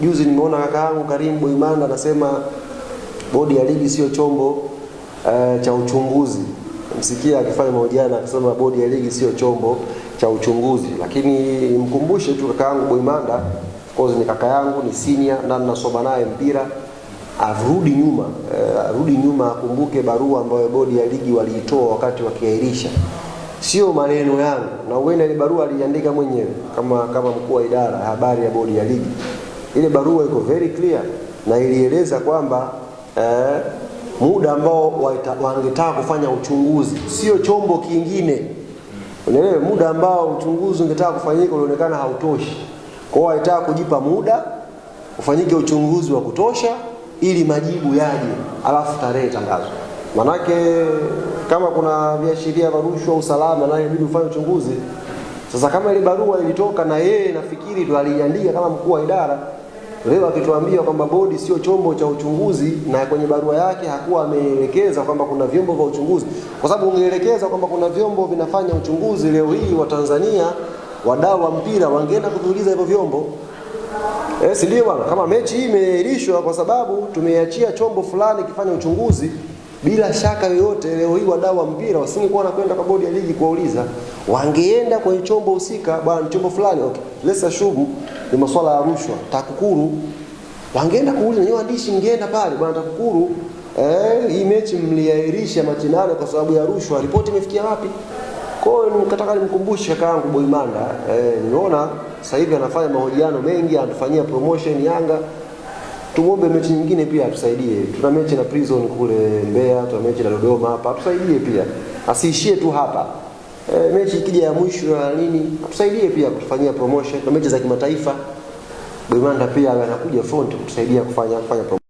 Juzi nimeona kaka yangu Karim Boimanda anasema bodi ya ligi sio chombo uh, cha uchunguzi. Msikia akifanya mahojiano akisema bodi ya ligi sio chombo cha uchunguzi, lakini nimkumbushe tu kaka yangu Boimanda, of course ni kaka yangu, ni senior na ninasoma naye mpira arudi nyuma uh, arudi nyuma akumbuke barua ambayo bodi ya ligi waliitoa wakati wakiahirisha. Sio maneno yangu, na uenda ile barua aliandika mwenyewe kama kama mkuu wa idara habari ya bodi ya ligi. Ile barua iko very clear na ilieleza kwamba eh, muda ambao wangetaka kufanya uchunguzi, sio chombo kingine. Unaelewa, muda ambao uchunguzi ungetaka kufanyika ulionekana hautoshi, kwa hiyo walitaka kujipa muda ufanyike uchunguzi wa kutosha ili majibu yaje, alafu tarehe tangazo Manake kama kuna viashiria vya rushwa usalama, na inabidi ufanye uchunguzi. Sasa kama ile barua ilitoka na yeye nafikiri ndo aliandika kama mkuu wa idara Leo akituambia kwamba bodi sio chombo cha uchunguzi, na kwenye barua yake hakuwa ameelekeza kwamba kuna vyombo vya uchunguzi, kwa sababu ungeelekeza kwamba kuna vyombo vinafanya uchunguzi, leo hii Watanzania wadau wa mpira wangeenda kuviuliza hivyo vyombo eh, si ndio bwana? Kama mechi hii imeahirishwa kwa sababu tumeachia chombo fulani kifanya uchunguzi, bila shaka yoyote, leo hii wadau wa mpira wasingekuwa wanakwenda kwa bodi ya ligi kuwauliza, wangeenda kwenye chombo husika, bwana, chombo fulani okay, let's assume ni masuala ya rushwa. TAKUKURU wangeenda kuuliza nyinyi waandishi, ngeenda pale, bwana TAKUKURU, eh, hii mechi mliahirisha machindano kwa sababu ya rushwa, ripoti imefikia wapi? Kwa hiyo nikataka nimkumbushe kaka yangu Boimanda, eh, niona sasa hivi anafanya mahojiano mengi, anatufanyia promotion Yanga tumwombe mechi nyingine pia atusaidie. Tuna mechi na Prison kule Mbeya, tuna mechi na Dodoma hapa, atusaidie pia, asiishie tu hapa e, mechi ikija ya mwisho na nini tusaidie pia kutufanyia promotion na mechi za kimataifa Bwimanda pia anakuja front kutusaidia kufanya kufanya promotion.